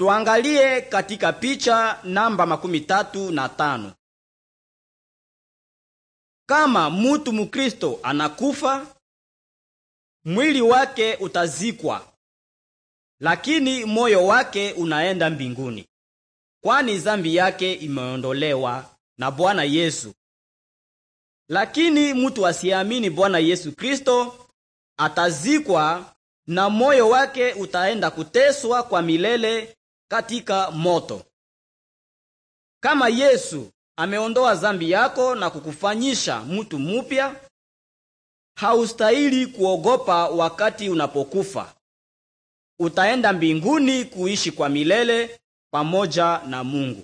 Tuangalie katika picha namba makumi tatu na tano. Kama mutu mukristo anakufa, mwili wake utazikwa, lakini moyo wake unaenda mbinguni, kwani zambi yake imeondolewa na Bwana Yesu. Lakini mutu asiamini Bwana Yesu Kristo atazikwa na moyo wake utaenda kuteswa kwa milele katika moto. Kama Yesu ameondoa zambi yako na kukufanyisha mtu mupya, haustahili kuogopa wakati unapokufa. Utaenda mbinguni kuishi kwa milele pamoja na Mungu.